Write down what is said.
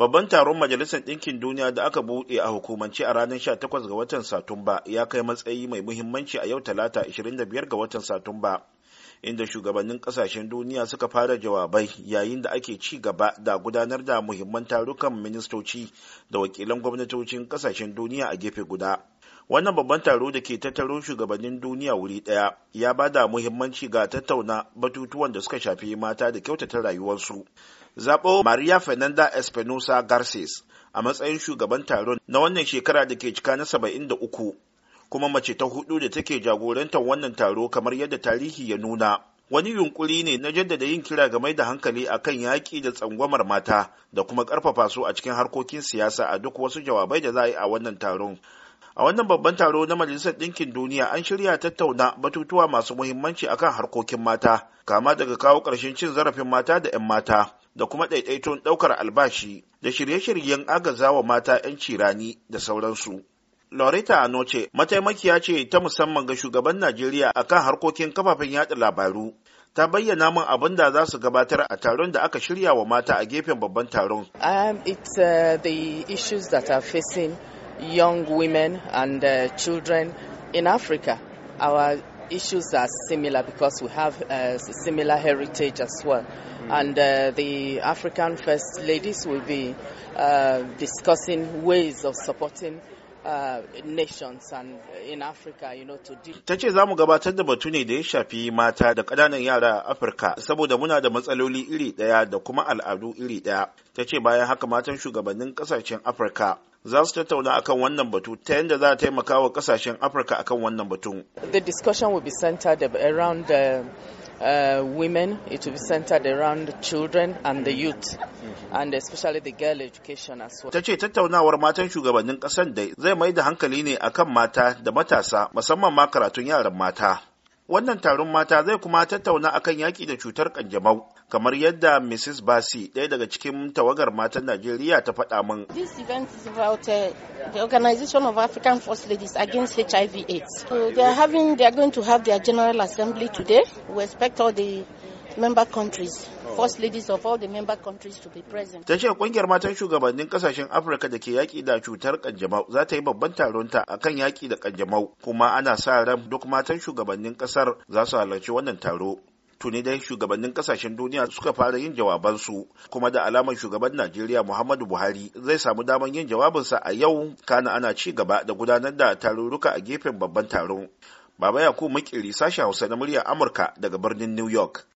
Babban taron Majalisar Ɗinkin Duniya da aka buɗe a hukumance a ranar 18 ga watan Satumba ya kai matsayi mai muhimmanci a yau Talata 25 ga watan Satumba. inda shugabannin kasashen duniya suka fara jawabai yayin da ake ci gaba da gudanar da muhimman tarukan ministoci da wakilan gwamnatocin kasashen duniya a gefe guda wannan babban taro da ke tattaro shugabannin duniya wuri daya ya ba da muhimmanci ga tattauna batutuwan da suka shafi mata da kyautata rayuwarsu zaɓo maria fernanda espinosa garces a matsayin shugaban taron na wannan shekara da ke cika na 73 kuma mace ta hudu da take jagorantar wannan taro kamar yadda tarihi ya nuna wani yunkuri ne na jaddada yin kira ga mai da hankali akan yaƙi da tsangwamar mata da kuma ƙarfafa su a cikin harkokin siyasa a duk wasu jawabai da za a yi a wannan taron a wannan babban taro na majalisar ɗinkin duniya an shirya tattauna batutuwa masu muhimmanci akan harkokin mata kama daga kawo ƙarshen cin zarafin mata da 'yan mata da kuma ɗaiɗaiton ɗaukar albashi da shirye-shiryen agazawa mata 'yanci rani da sauransu Loretta Anoche mataimakiya ce ta musamman ga shugaban Najeriya akan harkokin kafafen yada labaru. Ta bayyana min abin da za su gabatar a taron da aka shirya wa mata a gefen babban taron. Um, it's uh, the issues that are facing young women and uh, children in Africa. Our issues are similar because we have a uh, similar heritage as well. Mm. And uh, the African First Ladies will be uh, discussing ways of supporting Uh, uh, Ta ce za mu gabatar da batu ne da ya shafi mata da ƙananan yara a Afirka saboda muna da matsaloli iri ɗaya da kuma al'adu iri ɗaya. Ta ce bayan haka matan shugabannin ƙasashen Afirka za su tattauna akan wannan batu ta yadda za a taimaka wa kasashen afirka akan wannan batu the discussion will be centered around the uh, uh, women, it will be centered around the children and the youth, mm-hmm. and especially the girl education as well. Ta ce tattaunawar matan shugabannin ƙasar da zai mai da hankali ne akan mata da matasa musamman ma karatun yaran mata. Wannan taron mata zai kuma tattauna akan yaƙi da cutar kanjamau, kamar yadda Mrs. Basi, ɗaya daga cikin tawagar matan Najeriya ta faɗa min. This event is about uh, the Organization of African First Ladies against HIV/AIDS. So they are having, they are going to have their General Assembly today. We expect all the member countries, first ladies of all the member countries to be present. Ta ce kungiyar matan shugabannin kasashen Afirka da ke yaƙi da cutar kanjamau za ta yi babban taron ta akan yaƙi da kanjamau kuma ana sa ran duk matan shugabannin kasar za su halarci wannan taro. tuni dai shugabannin kasashen duniya suka fara yin jawabansu kuma da alamar shugaban najeriya muhammadu buhari zai samu damar yin jawabinsa a yau kana ana ci gaba da gudanar da tarurruka a gefen babban taron baba yakubu makiri sashen hausa na muryar amurka daga birnin new york